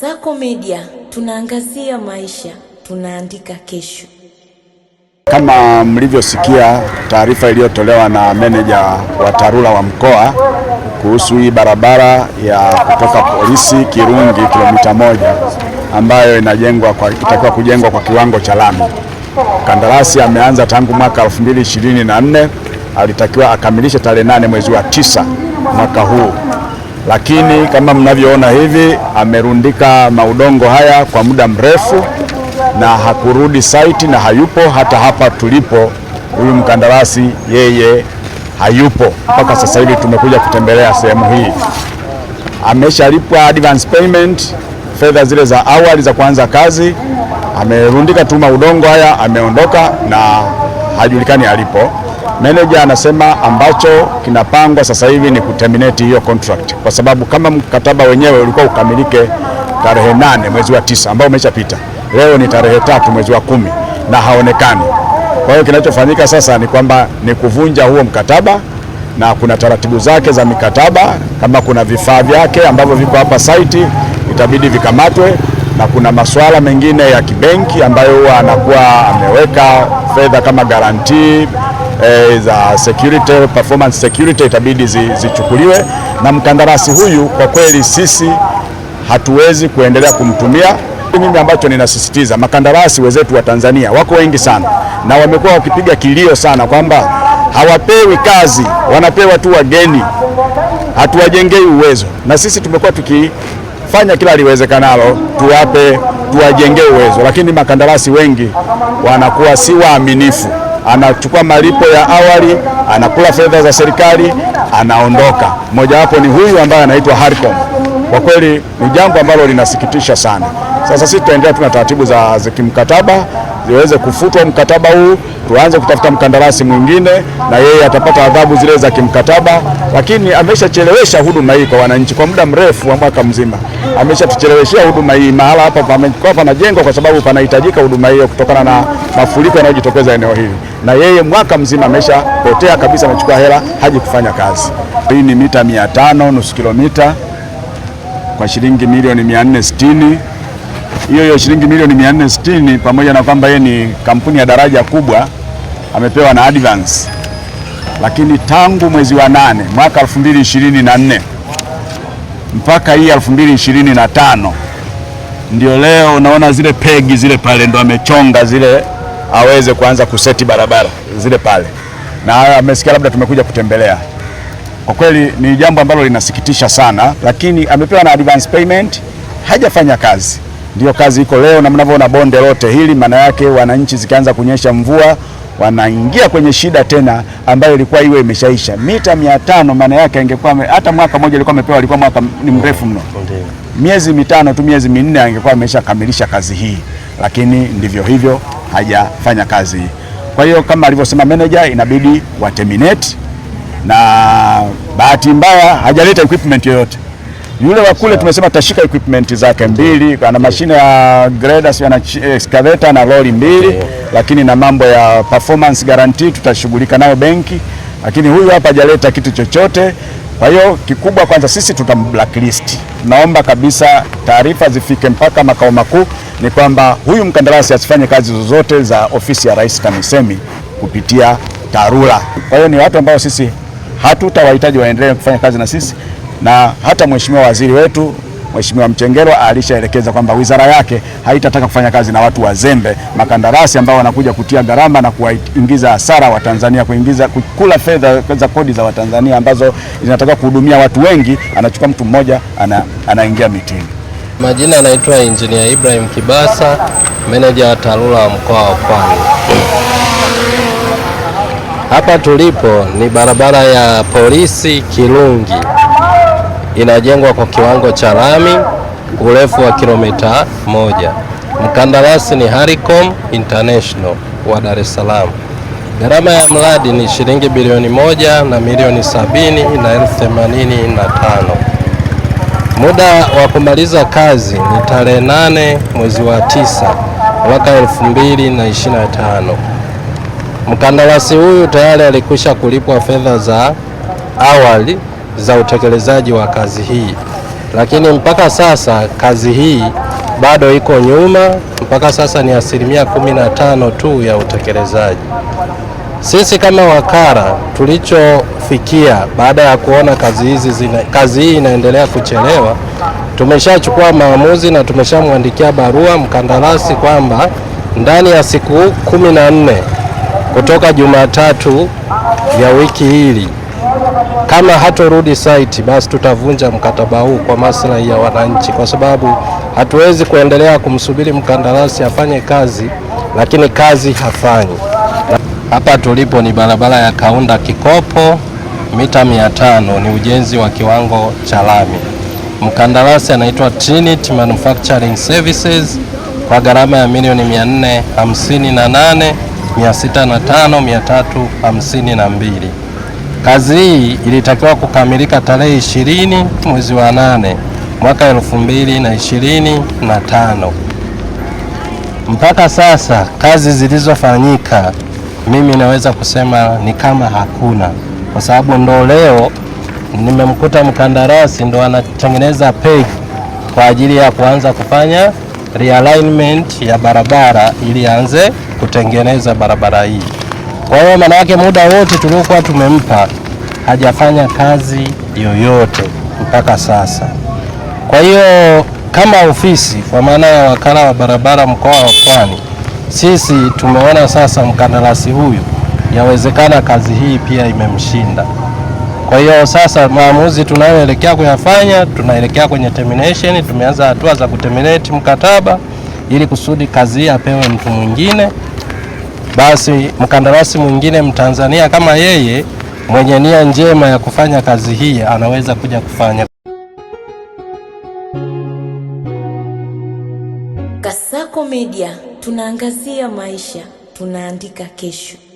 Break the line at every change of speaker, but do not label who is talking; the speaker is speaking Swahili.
Sako Media tunaangazia maisha, tunaandika kesho. Kama mlivyosikia taarifa iliyotolewa na meneja wa TARURA wa mkoa kuhusu hii barabara ya kutoka polisi Kirungi kilomita moja ambayo inajengwa kwa itakiwa kujengwa kwa kiwango cha lami. Kandarasi ameanza tangu mwaka 2024 alitakiwa akamilishe tarehe nane mwezi wa tisa mwaka huu lakini kama mnavyoona hivi amerundika maudongo haya kwa muda mrefu na hakurudi site na hayupo hata hapa tulipo. Huyu mkandarasi yeye hayupo mpaka sasa hivi, tumekuja kutembelea sehemu hii. Ameshalipwa advance payment, fedha zile za awali za kuanza kazi. Amerundika tu maudongo haya, ameondoka na hajulikani alipo. Meneja anasema ambacho kinapangwa sasa hivi ni kuterminate hiyo contract, kwa sababu kama mkataba wenyewe ulikuwa ukamilike tarehe nane mwezi wa tisa ambao umeshapita, leo ni tarehe tatu mwezi wa kumi na haonekani. Kwa hiyo kinachofanyika sasa ni kwamba ni kuvunja huo mkataba, na kuna taratibu zake za mikataba. Kama kuna vifaa vyake ambavyo viko hapa site itabidi vikamatwe, na kuna masuala mengine ya kibenki ambayo huwa anakuwa ameweka fedha kama garantii e, za security, performance security itabidi zichukuliwe zi na mkandarasi huyu. Kwa kweli sisi hatuwezi kuendelea kumtumia. Mimi ambacho ninasisitiza makandarasi wenzetu wa Tanzania wako wengi sana, na wamekuwa wakipiga kilio sana kwamba hawapewi kazi, wanapewa tu wageni, hatuwajengei uwezo, na sisi tumekuwa tukifanya kila liwezekanalo tuwape tuwajengee uwezo, lakini makandarasi wengi wanakuwa si waaminifu anachukua malipo ya awali, anakula fedha za serikali, anaondoka. mmojawapo ni huyu ambaye anaitwa Harcom. Kwa kweli ni jambo ambalo linasikitisha sana. Sasa sisi tutaendelea tuna taratibu za kimkataba ziweze kufutwa mkataba huu, tuanze kutafuta mkandarasi mwingine, na yeye atapata adhabu zile za kimkataba. Lakini ameshachelewesha huduma hii kwa wananchi kwa muda mrefu wa mwaka mzima, ameshatucheleweshea huduma hii. Mahala hapa panajengwa kwa sababu panahitajika huduma hiyo kutokana na mafuriko yanayojitokeza eneo hili na yeye mwaka mzima ameshapotea kabisa, amechukua hela haji kufanya kazi. Hii ni mita mia tano nusu kilomita kwa shilingi milioni mia nne sitini hiyo hiyo shilingi milioni mia nne sitini pamoja na kwamba yeye ni kampuni ya daraja kubwa amepewa na advance, lakini tangu mwezi wa nane mwaka 2024 mpaka hii 2025 ndio leo unaona zile pegi zile pale ndo amechonga zile aweze kuanza kuseti barabara zile pale, na amesikia labda tumekuja kutembelea. Kwa kweli ni jambo ambalo linasikitisha sana, lakini amepewa na advance payment, hajafanya kazi. Ndiyo kazi iko leo, na mnavyoona bonde lote hili, maana yake wananchi zikianza kunyesha mvua wanaingia kwenye shida tena ambayo ilikuwa iwe imeshaisha mita mia tano. Maana yake angekuwa hata mwaka mmoja alikuwa amepewa, alikuwa mwaka ni mrefu mno, miezi mitano tu, miezi minne angekuwa ameshakamilisha kazi hii, lakini ndivyo hivyo hajafanya kazi. Kwa hiyo kama alivyosema manager, inabidi wa terminate, na bahati mbaya hajaleta equipment yoyote yule wa kule tumesema tashika equipment zake mbili, ana mashine ya graders, ana excavator na lori mbili Lakini na mambo ya performance guarantee tutashughulika nayo benki, lakini huyu hapa hajaleta kitu chochote. Kwa hiyo kikubwa kwanza sisi tutamblacklist, naomba kabisa taarifa zifike mpaka makao makuu ni kwamba huyu mkandarasi asifanye kazi zozote za ofisi ya Rais TAMISEMI kupitia TARURA. Kwa hiyo ni watu ambao sisi hatutawahitaji waendelee kufanya kazi na sisi, na hata mheshimiwa waziri wetu Mheshimiwa Mchengerwa alishaelekeza kwamba wizara yake haitataka kufanya kazi na watu wazembe, makandarasi ambao wanakuja kutia gharama na kuwaingiza hasara Watanzania, kuingiza kukula fedha za kodi za Watanzania ambazo zinatakiwa kuhudumia watu wengi, anachukua mtu mmoja ana, anaingia mitini.
Majina anaitwa Injinia Ibrahim Kibasa, meneja wa TARURA wa mkoa wa Pwani. Hapa tulipo ni barabara ya Polisi Kirungi, inajengwa kwa kiwango cha lami, urefu wa kilomita moja. Mkandarasi ni Haricom International wa Dar es Salaam. Gharama ya mradi ni shilingi bilioni moja na milioni sabini na elfu themanini na tano. Muda wa kumaliza kazi ni tarehe nane mwezi wa tisa mwaka elfu mbili na ishirini na tano. Mkandarasi huyu tayari alikwisha kulipwa fedha za awali za utekelezaji wa kazi hii, lakini mpaka sasa kazi hii bado iko nyuma. Mpaka sasa ni asilimia kumi na tano tu ya utekelezaji. Sisi kama wakala tulichofikia baada ya kuona kazi hizi zina, kazi hii inaendelea kuchelewa, tumeshachukua maamuzi na tumeshamwandikia barua mkandarasi kwamba ndani ya siku kumi na nne kutoka Jumatatu ya wiki hili kama hatorudi site basi tutavunja mkataba huu kwa maslahi ya wananchi, kwa sababu hatuwezi kuendelea kumsubiri mkandarasi afanye kazi lakini kazi hafanyi. Hapa tulipo ni barabara ya Kaunda Kikopo mita 500 ni ujenzi wa kiwango cha lami. Mkandarasi anaitwa Trinity Manufacturing Services kwa gharama ya milioni 458,605,352. Kazi hii ilitakiwa kukamilika tarehe 20 mwezi wa 8 mwaka 2025. Mpaka sasa kazi zilizofanyika mimi naweza kusema ni kama hakuna, kwa sababu ndo leo nimemkuta mkandarasi ndo anatengeneza peg kwa ajili ya kuanza kufanya realignment ya barabara ili anze kutengeneza barabara hii. Kwa hiyo maana yake muda wote tuliokuwa tumempa hajafanya kazi yoyote mpaka sasa. Kwa hiyo kama ofisi kwa maana ya wakala wa barabara mkoa wa Pwani sisi tumeona sasa mkandarasi huyu yawezekana kazi hii pia imemshinda. Kwa hiyo sasa maamuzi tunayoelekea kuyafanya, tunaelekea kwenye termination. Tumeanza hatua za kuterminate mkataba ili kusudi kazi hii apewe mtu mwingine, basi mkandarasi mwingine Mtanzania kama yeye mwenye nia njema ya kufanya kazi hii anaweza kuja kufanya. Kasako Media tunaangazia maisha, tunaandika kesho.